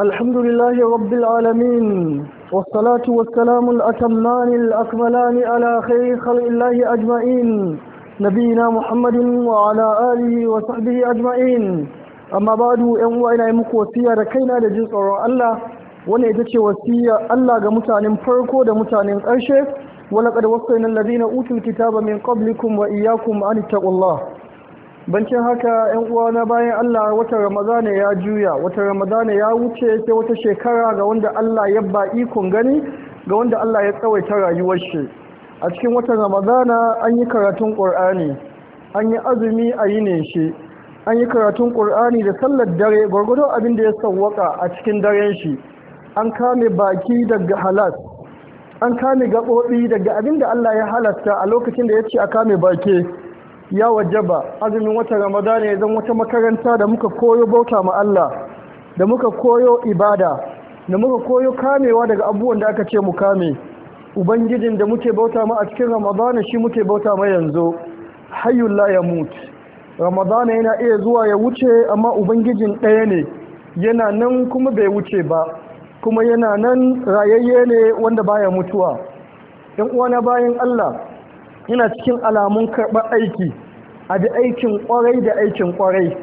الحمد لله رب العالمين والصلاة والسلام الأتمان الأكملان على خير خلق الله أجمعين نبينا محمد وعلى آله وصحبه أجمعين أما بعد أن وإنا يمك وسيا ركينا لجزء الله wani ita ce wasiya Allah ga mutanen farko da mutanen ƙarshe walaƙad wasaina alladhina utul kitaba min qablikum wa iyyakum an taqullaha bancin haka yan uwa na bayan Allah wata ramadana ya juya wata ramadana ya wuce sai wata shekara ga wanda Allah ya ba ikon gani ga wanda Allah ya tsawaita rayuwar shi a cikin watan ramadana an yi karatun qur'ani an yi azumi a yi ne shi an yi karatun qur'ani da sallar dare gwargwadon abin da ya sawwaka a cikin daren shi an kame baki daga halas an kame gaɓoɓi daga abin da Allah ya halasta a lokacin da ya ce a kame baki ya wajaba azumin wata ramadana ya zan wata makaranta da muka koyo bauta ma Allah da muka koyo ibada da muka koyo kamewa daga abubuwan da aka ce mu kame ubangijin da muke bauta ma a cikin ramadana shi muke bauta ma yanzu Hayyula ya mutu ramadana yana iya zuwa ya wuce amma ubangijin ɗaya ne yana nan kuma bai wuce ba kuma yana nan rayayye ne wanda baya mutuwa yan uwana bayan Allah yana cikin alamun karɓar aiki a bi aikin ƙwarai da aikin ƙwarai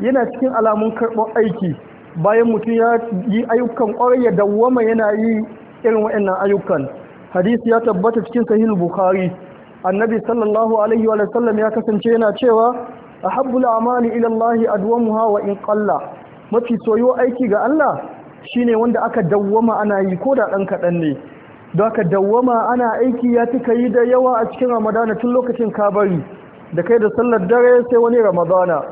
yana cikin alamun karɓar aiki bayan mutum ya yi ayyukan ƙwarai ya dawwama yana yi irin waɗannan ayyukan hadisi ya tabbata cikin sahih bukhari annabi sallallahu alaihi wa sallam ya kasance yana cewa ahabbul amali ila Allah adwamuha wa in qalla mafi soyo aiki ga Allah shine wanda aka dawwama ana yi ko da ɗan kaɗan ne don ka dawwama ana aiki ya cika yi da yawa a cikin ramadana tun lokacin kabari da kai da sallar dare sai wani ramadana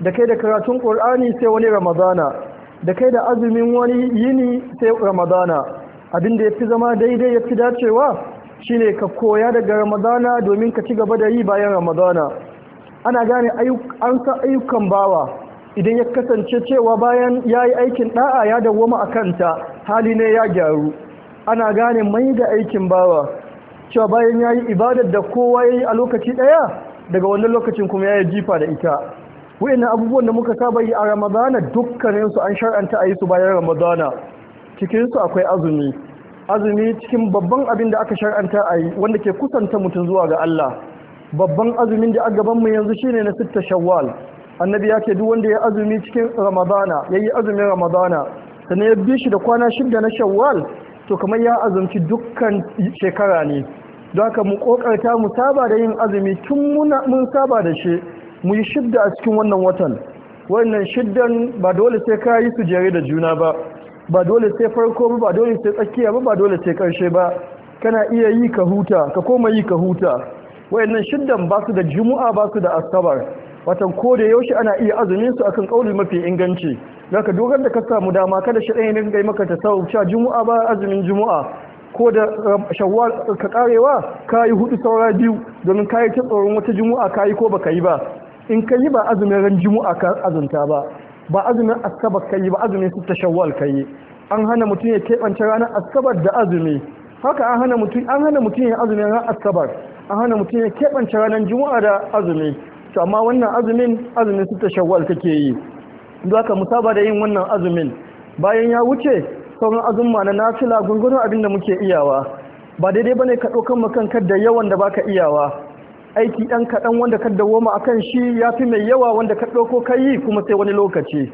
da kai da karatun ƙur'ani sai wani ramadana da kai da azumin wani yini sai ramadana abin da ya fi zama daidai ya fi dacewa shine ka koya daga ramadana domin ka ci gaba da yi bayan ramadana ana gane an sa ayyukan bawa idan ya kasance cewa bayan ya yi aikin ɗa'a ya dawwama a kanta hali ne ya gyaru ana gane mai da aikin bawa cewa bayan ya yi ibadar da kowa ya yi a lokaci ɗaya daga wannan lokacin kuma ya yi jifa da ita wa'annan abubuwan da muka saba yi a ramadana dukkaninsu an shar'anta a yi su bayan ramadana cikinsu akwai azumi azumi cikin babban abin da aka shar'anta a yi wanda ke kusanta mutum zuwa ga Allah babban azumin da a gabanmu yanzu shine na sitta shawwal annabi ya ce duk wanda ya azumi cikin ramadana ya yi azumin ramadana sannan ya bi shi da kwana shida na shawwal to kamar ya azumci dukkan shekara ne don haka mu kokarta mu saba da yin azumi tun mun saba da shi mu yi shidda a cikin wannan watan wannan shiddan ba dole sai ka yi su jere da juna ba ba dole sai farko ba ba dole sai tsakiya ba ba dole sai karshe ba kana iya yi ka huta ka koma yi ka huta wayannan shiddan ba su da juma'a ba su da asabar watan ko da yaushe ana iya azumin su akan kauli mafi inganci zaka dogar da ka samu dama kada shi ne ga maka sau cewa juma'a ba azumin juma'a ko da um, shawwal ka karewa kai hudu saura biyu domin kai ta tsoron wata juma'a kai ko baka yi ba in ka yi ba azumin ran juma'a ka azunta ba ba azumin asabar ka yi ba azumin su ta shawwal ka yi an hana mutum ya keɓance ranar asabar da azumi haka an hana mutum an hana mutum ya azumin ran asabar an hana mutum ya keɓance ranar juma'a da azumi to amma wannan azumin azumin su ta shawwal kake yi don haka mu saba da yin wannan azumin bayan ya wuce sauran azumma na nafila gungunan abin da muke iyawa ba daidai bane ka ɗaukan kan da yawan da baka iyawa aiki ɗan kaɗan wanda ka dawoma akan shi yafi mai yawa wanda ka ɗauko ka yi kuma sai wani lokaci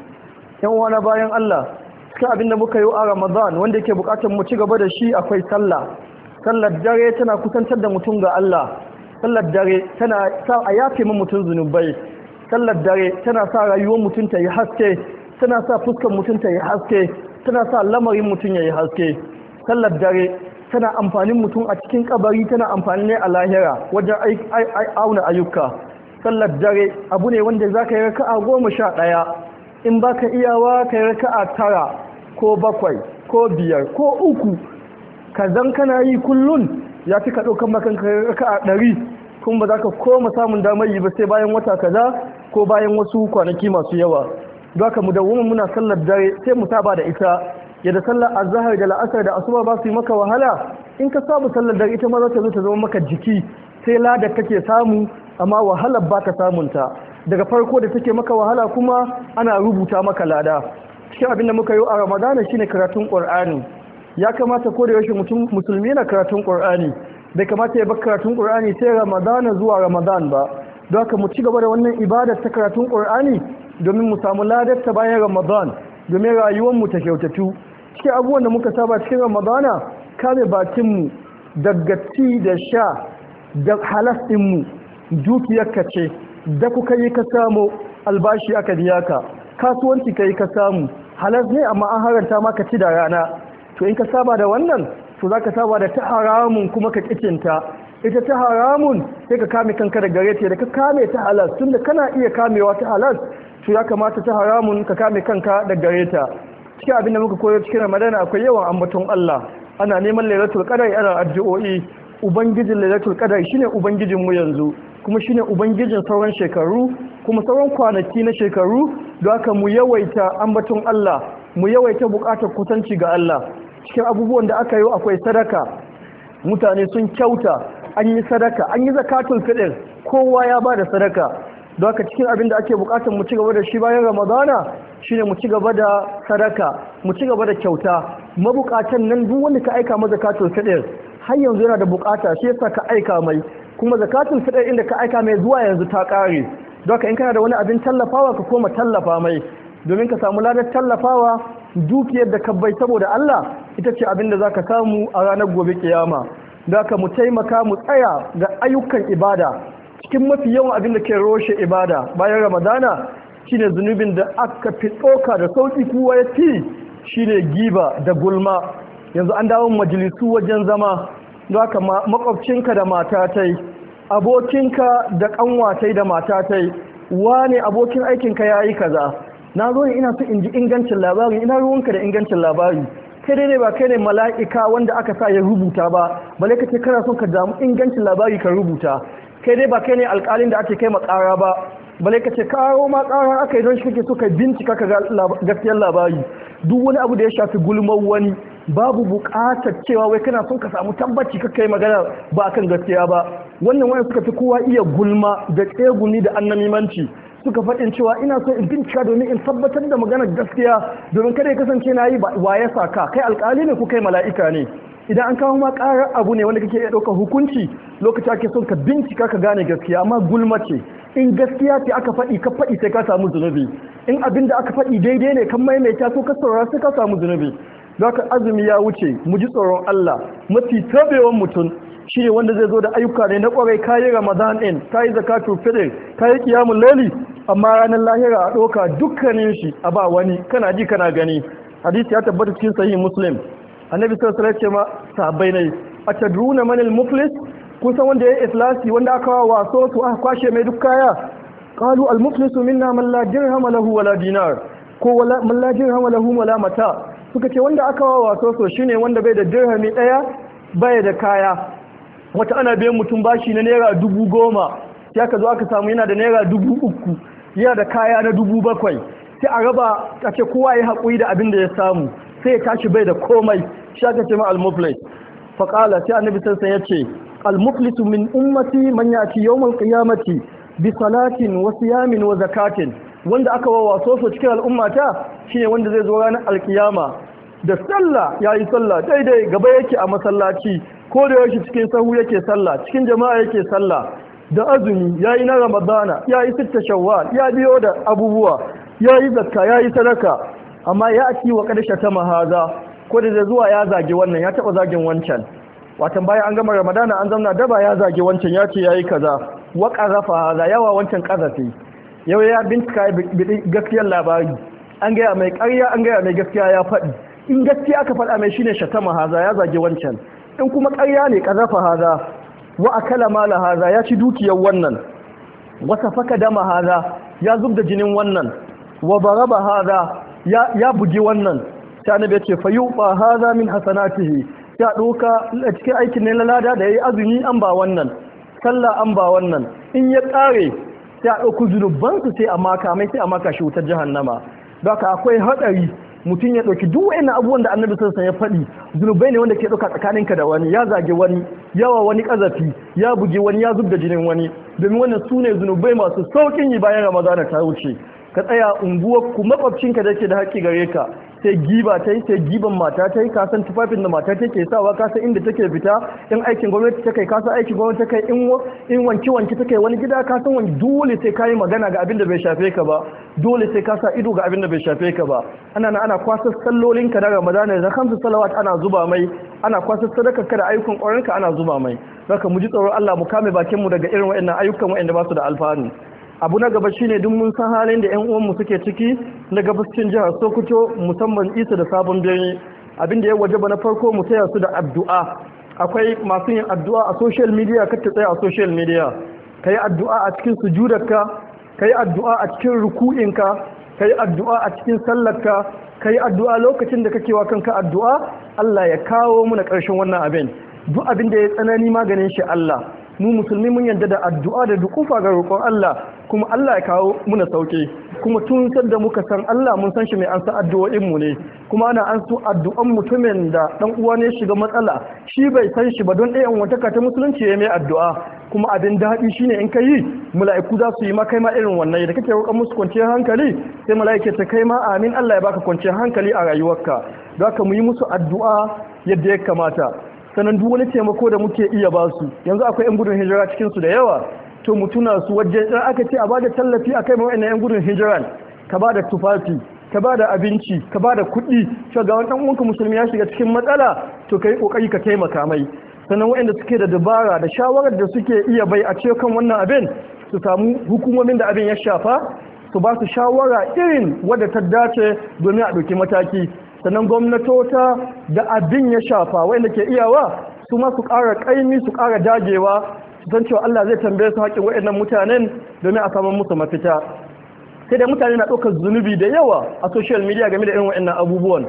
yan uwana bayan Allah cikin abin da muka yi a Ramadan wanda yake buƙatar mu ci gaba da shi akwai sallah sallar dare tana kusantar da mutum ga Allah sallar dare tana sa a yafe min mutum zunubai sallar dare tana sa rayuwar mutum ta yi haske tana sa fuskar mutum ta yi haske tana sa lamarin mutum ya yi haske sallar dare tana amfanin mutum a cikin kabari tana amfani ne a lahira wajen auna ayyuka sallar dare abu ne wanda za ka yi raka'a goma sha ɗaya in ba ka iyawa ka yi raka'a tara ko bakwai ko biyar ko uku ka zan kana yi kullun ya fi ka ɗaukan makanka a ɗari kuma ba za ka koma samun damar yi ba sai bayan wata kaza ko bayan wasu kwanaki masu yawa don ka mu wumin muna sallar dare sai mu saba da ita yadda sallar azahar da la'asar da asuba ba su yi maka wahala in ka samu sallar dare ita ma za ta zo ta zama maka jiki sai ladar kake samu amma wahalar ba ka samunta daga farko da take maka wahala kuma ana rubuta maka lada cikin abin da muka yi a ramadana shine karatun Ƙur'ani. ya kamata ko da yaushe mutum musulmi na karatun qur'ani bai kamata ya bar karatun qur'ani sai ramadana zuwa ramadan ba don haka mu ci gaba da wannan ibadar ta karatun qur'ani domin mu samu ladar ta bayan ramadan domin rayuwar mu ta kyautatu cikin abubuwan da muka saba cikin ramadana kame bakin mu daga ci da sha da halas din mu dukiyar ka ce da kuka yi ka samu albashi aka biya ka kasuwanci ka yi ka samu halas ne amma an haranta maka ci da rana to in ka saba da wannan to za ka saba da ta haramun kuma ka kicinta ita ta haramun sai ka kame kanka da gare ta da ka kame ta halas tunda kana iya kamewa ta halas to ya kamata ta haramun ka kame kanka da gare ta cikin abin da muka koyo cikin ramadana akwai yawan ambaton Allah ana neman lailatul qadar ana addu'o'i ubangijin lailatul qadar shine ubangijin mu yanzu kuma shine ubangijin sauran shekaru kuma sauran kwanaki na shekaru don haka mu yawaita ambaton Allah mu yawaita bukatar kusanci ga Allah cikin abubuwan da aka yi akwai sadaka mutane sun kyauta an yi sadaka an yi zakatun fitr kowa ya ba da sadaka don haka cikin abin da ake bukatar mu ci gaba da shi bayan ramadana shine mu ci gaba da sadaka mu ci gaba da kyauta mabukatan nan duk wanda ka aika ma zakatun fitr har yanzu yana da bukata shi yasa ka aika mai kuma zakatun fitr inda ka aika mai zuwa yanzu ta kare don haka in kana da wani abin tallafawa ka koma tallafa mai domin ka samu ladar tallafawa dukiyar da kabbai saboda Allah ita ce abin da ka samu a ranar gobe kiyama ka mu taimaka mu tsaya ga ayyukan ibada cikin mafi yawan abin da ke roshe ibada bayan ramadana shine zunubin da aka fi tsoka da sauki kuwa ya ci shine giba da gulma yanzu an dawo majalisu wajen zama aka makwabcinka da matatai abokinka da ƙanwatai da matatai wane abokin aikinka yayi kaza na zo ne ina su in ji ingancin labari ina ruwanka da ingancin labari kai dai ba kai ne mala'ika wanda aka sa ya rubuta ba bale ka ce kana son ka damu ingancin labari ka rubuta kai dai ba kai ne alƙalin da ake kai makara ba bale ka ce karo ma ƙara aka yi don shi kake so ka bincika ka ga gaskiyar labari duk wani abu da ya shafi gulmar wani babu buƙatar cewa wai kana son ka samu tabbaci ka kai magana ba kan gaskiya ba wannan wani suka fi kowa iya gulma da tsegumi da annamimanci suka faɗin cewa ina so in bincika domin in tabbatar da maganar gaskiya domin kada ya kasance na yi wa ya sa ka kai alƙali ne ko kai mala'ika ne idan an kawo ma ƙarar abu ne wanda kake iya hukunci lokaci ake son ka bincika ka gane gaskiya amma gulma ce in gaskiya ce aka faɗi ka faɗi sai ka samu zunubi in abin da aka faɗi daidai ne kan maimaita ko ka saurara sai ka samu zunubi zaka azumi ya wuce mu ji tsoron Allah mafi tabewan mutum shi ne wanda zai zo da ayyuka ne na kwarai kayi ramadan din kayi zakatu fitr kayi qiyamul layli amma ranar lahira a ɗauka dukkanin shi a ba wani kana ji kana gani hadisi ya tabbata cikin sahihin muslim annabi sallallahu alaihi wasallam ma sahabbai ne atadruna manil muflis kusan wanda ya islasi wanda aka wa waso su aka kwashe mai duk kaya qalu al muflisu minna man la dirham wala dinar ko Mallajin man la wala mata suka ce wanda aka wa waso so shine wanda bai da dirhami daya bai da kaya wata ana biyan mutum bashi na naira dubu goma sai aka zo aka samu yana da naira dubu uku ya da kaya na dubu bakwai sai a raba a ce kowa ya haƙuri da abin da ya samu sai ya tashi bai da komai shi aka ce ma al-muflis faƙala sai annabi sassan ya ce al muflis min ummati man yati yawmal qiyamati bi salatin wa siyamin wa zakatin wanda aka wawa soso cikin al'ummata shine wanda zai zo ranar alkiyama da sallah yayi sallah daidai gaba yake a masallaci ko da yake cikin sahu yake sallah cikin jama'a yake sallah da azumi ya yi na ramadana ya yi sitta shawwal ya biyo da abubuwa ya yi zakka ya yi sadaka amma ya ci wa karshe ta mahaza ko da zuwa ya zage wannan ya taba zagin wancan watan bayan an gama ramadana an zamna daba ya zage wancan ya ce ya yi kaza wa ƙarafa haza yawa wancan ƙazafi yau ya bincika gaskiyar labari an gaya mai ƙarya an gaya mai gaskiya ya faɗi in gaskiya aka faɗa mai shine shatama haza ya zage wancan in kuma ƙarya ne ƙarafa haza wa akala mala haza ya ci dukiyar wannan wata faka dama haza ya zub da jinin wannan wa baraba haza ya ya bugi wannan ta annabi ya ce ba haza min hasanatihi ya doka cikin aikin ne lalada da yayi azumi an ba wannan sallah an ba wannan in ya kare sai a dauki zunubansu sai a maka mai sai a maka shi wutar jahannama haka akwai hadari mutum ya ɗauki duk wa'in abubuwan da annabi sun ya faɗi zunubai ne wanda ke ɗauka tsakaninka da wani ya zage wani yawa wani ƙazafi ya buge wani ya zub da jinin wani domin wannan su ne zunubai masu saukin yi bayan ramadana ta wuce ka tsaya unguwar ku makwabcinka da ke da haƙƙi gare ka sai giba ta yi sai giban mata ta yi kasan tufafin da mata take sawa kasan inda take fita in aikin gwamnati ta kai kasan aikin gwamnati ta kai in wanki wanki ta kai wani gida kasan wani dole sai kayi magana ga abin da bai shafe ka ba dole sai ka ido ga abin da bai shafe ka ba ana na ana kwasa sallolin ka na ramadana da hamsu salawat ana zuba mai ana kwasa sadakar ka da ayyukan ƙwarin ana zuba mai zaka mu ji tsoron Allah mu kame bakin mu daga irin waɗannan ayyukan waɗanda ba su da alfanu abu na gaba shine duk mun san halin da 'yan uwanmu suke ciki na gabascin jihar sokoto musamman isa da sabon birni Abinda da ya wajaba na farko mu taya su da addu'a akwai masu yin addu'a a social media ka ta tsaya a social media ka addu'a a cikin sujudarka ka addu'a a cikin ruku'inka kai addu'a a cikin sallarka ka yi addu'a lokacin da kake wa kanka addu'a Allah ya kawo muna ƙarshen wannan abin duk abin da ya tsanani maganin shi Allah mu musulmi mun yarda da addu'a da dukufa ga roƙon Allah kuma Allah ya kawo muna sauke kuma tun da muka san Allah mun san shi mai ansa addu'o'in mu ne kuma ana an addu'an mutumin da dan uwa ne shiga matsala shi bai san shi ba don ɗaya wata ta musulunci ya mai addu'a kuma abin daɗi shine in kai mala'iku za su yi maka ma irin wannan da kake roƙon musu kwanciyar hankali sai mala'ike ta kai ma amin Allah ya baka kwanciyar hankali a rayuwarka ka mu yi musu addu'a yadda ya kamata sanan duk wani taimako da muke iya ba su yanzu akwai 'yan gudun hijira cikin su da yawa to mutuna su wajen in aka ce a bada tallafi a kai mawa'in 'yan gudun hijiran ka bada tufafi ka bada abinci ka bada kuɗi to ga wani uwanka musulmi ya shiga cikin matsala to ka yi kokari ka taimaka mai sanan wanda suke da dabara da shawarar da suke iya bai a ce kan wannan abin su samu hukumomin da abin ya shafa su ba su shawara irin wadda ta dace domin a ɗauki mataki sannan gwamnatota da abin ya shafa wanda ke iyawa su ma su ƙara ƙaimi su ƙara dagewa su san cewa Allah zai tambaye su haƙin waɗannan mutanen domin a samu musu mafita sai da mutane na ɗaukar zunubi da yawa a social media game da irin waɗannan abubuwan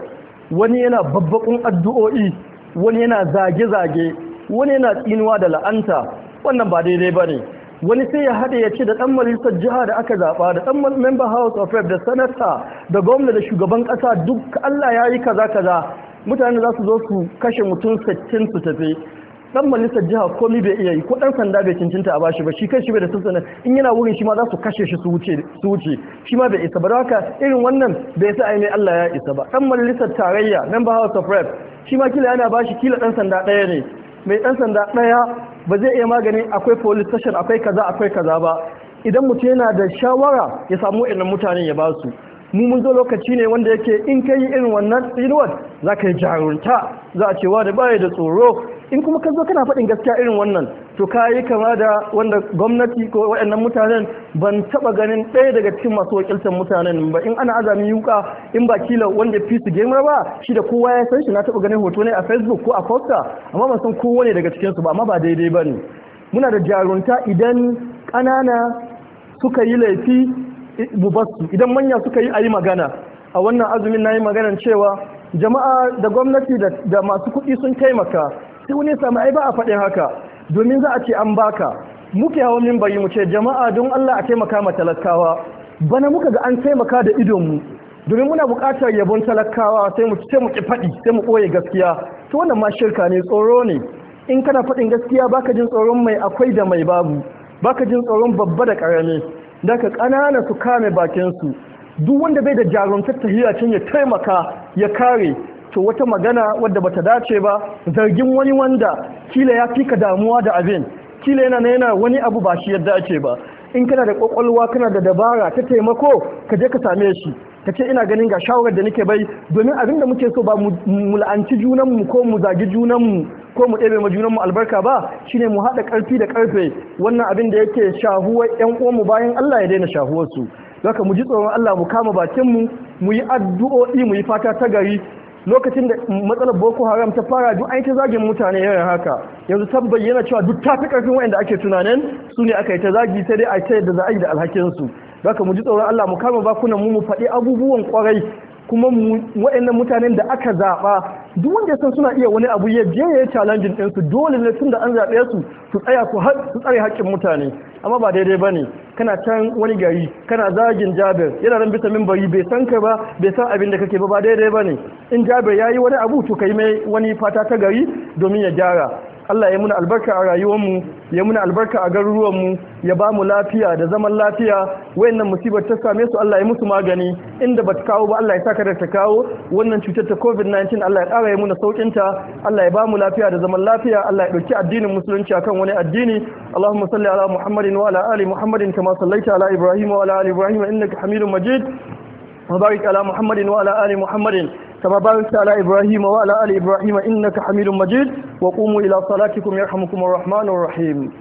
wani yana babbaƙun addu'o'i wani yana zage-zage wani yana tsinuwa da la'anta wannan ba daidai ba ne wani sai ya haɗe ya ce da ɗan majalisar jiha da aka zaɓa da ɗan member house of rep da sanata da gwamna da shugaban ƙasa duk Allah ya yi kaza kaza mutane za su zo su kashe mutum 60 su tafi Ɗan majalisar jiha komai bai iya yi ko ɗan sanda bai cincinta a bashi ba shi kan shi bai da sassana in yana wurin shi ma za su kashe shi su wuce shi ma bai isa ba don haka irin wannan bai sa ai Allah ya isa ba Ɗan majalisar tarayya member house of rep shi ma kila yana bashi kila ɗan sanda ɗaya ne mai ɗan sanda ɗaya. ba zai iya maganin akwai police station akwai kaza akwai kaza ba idan mutum yana da shawara ya samu irin mutane ya ba su mu mun zo lokaci ne wanda yake in ka irin wannan tsinuwar za ka yi jarunta za a cewa da baya da tsoro in kuma ka zo kana faɗin gaskiya irin wannan to ka yi kama da wanda gwamnati ko waɗannan mutanen ban taɓa ganin ɗaya daga cikin masu wakiltar mutanen ba in ana azami yuka in ba kila wanda fi su gemar ba shi da kowa ya san shi na taɓa ganin hoto ne a facebook ko a costa amma ban san kowa ne daga cikinsu ba amma ba daidai ba ne muna da jarunta idan ƙanana suka yi laifi mu basu idan manya suka yi a yi magana a wannan azumin na yi maganan cewa jama'a da gwamnati da masu kuɗi sun taimaka sai wani ai ba a faɗin haka domin za a ce an baka muke hawa min bayi mu ce jama'a don Allah a taimaka ma talakawa bana muka ga an taimaka da mu domin muna buƙatar yabon talakawa sai mu ce mu ki faɗi sai mu koye gaskiya to wannan ma shirka ne tsoro ne in kana faɗin gaskiya baka jin tsoron mai akwai da mai babu baka jin tsoron babba da ƙarami daga ƙanana su kame bakin su duk wanda bai da jarumtar tahiyya cin ya taimaka ya kare to wata magana wadda bata dace ba zargin wani wanda kila ya fi ka damuwa da abin kila yana na yana wani abu ba shi yadda ake ba in kana da kwakwalwa kana da dabara ta taimako ka je ka same shi ka ce ina ganin ga shawarar da nake bai domin abin da muke so ba mu la'anci junanmu ko mu zagi junanmu ko mu ɗebe ma junanmu albarka ba shine mu haɗa ƙarfi da ƙarfe wannan abin da yake shahuwar ƴan uwanmu bayan Allah ya daina shahuwarsu. su zaka mu ji tsoron Allah mu kama bakinmu mu yi addu'o'i mu yi fata ta gari lokacin da matsalar boko haram ta fara duk an ta zagin mutane irin haka yanzu ta bayyana cewa duk tafi fi karfin da ake tunanin su ne aka yi ta zagi sai dai a ta yadda za a yi da alhakinsu zaka mu ji tsoron Allah mu kama bakunan mu mu faɗi abubuwan kwarai kuma waɗannan mutanen da aka zaɓa duk wanda san suna iya wani abu ya je ya yi challenge ɗinsu dole ne tun da an zaɓe su su tsaya su tsare haƙƙin mutane amma ba daidai ba ne kana can wani gari kana zagin jabir yana nan bisa bari bai san ka ba bai san abin da kake ba ba daidai ba ne in jabir ya yi wani abu to kai mai wani fata ta gari domin ya gyara Allah ya muna albarka a rayuwarmu ya muna albarka a garuruwanmu ya ba mu lafiya da zaman lafiya wayannan musibar ta same su Allah ya musu magani inda ba ta kawo ba Allah ya saka da ta kawo wannan cutar ta COVID-19 Allah ya ƙara ya muna saukin ta Allah ya ba mu lafiya da zaman lafiya Allah ya ɗauki addinin musulunci akan wani addini Allahumma salli ala Muhammadin wa ala ali Muhammadin kama sallaita ala Ibrahim wa ala ali Ibrahim innaka Hamidum Majid وبارك Muhammadin wa Muhammadin. كما باركت على إبراهيم وعلى آل إبراهيم إنك حميد مجيد وقوموا إلى صلاتكم يرحمكم الرحمن الرحيم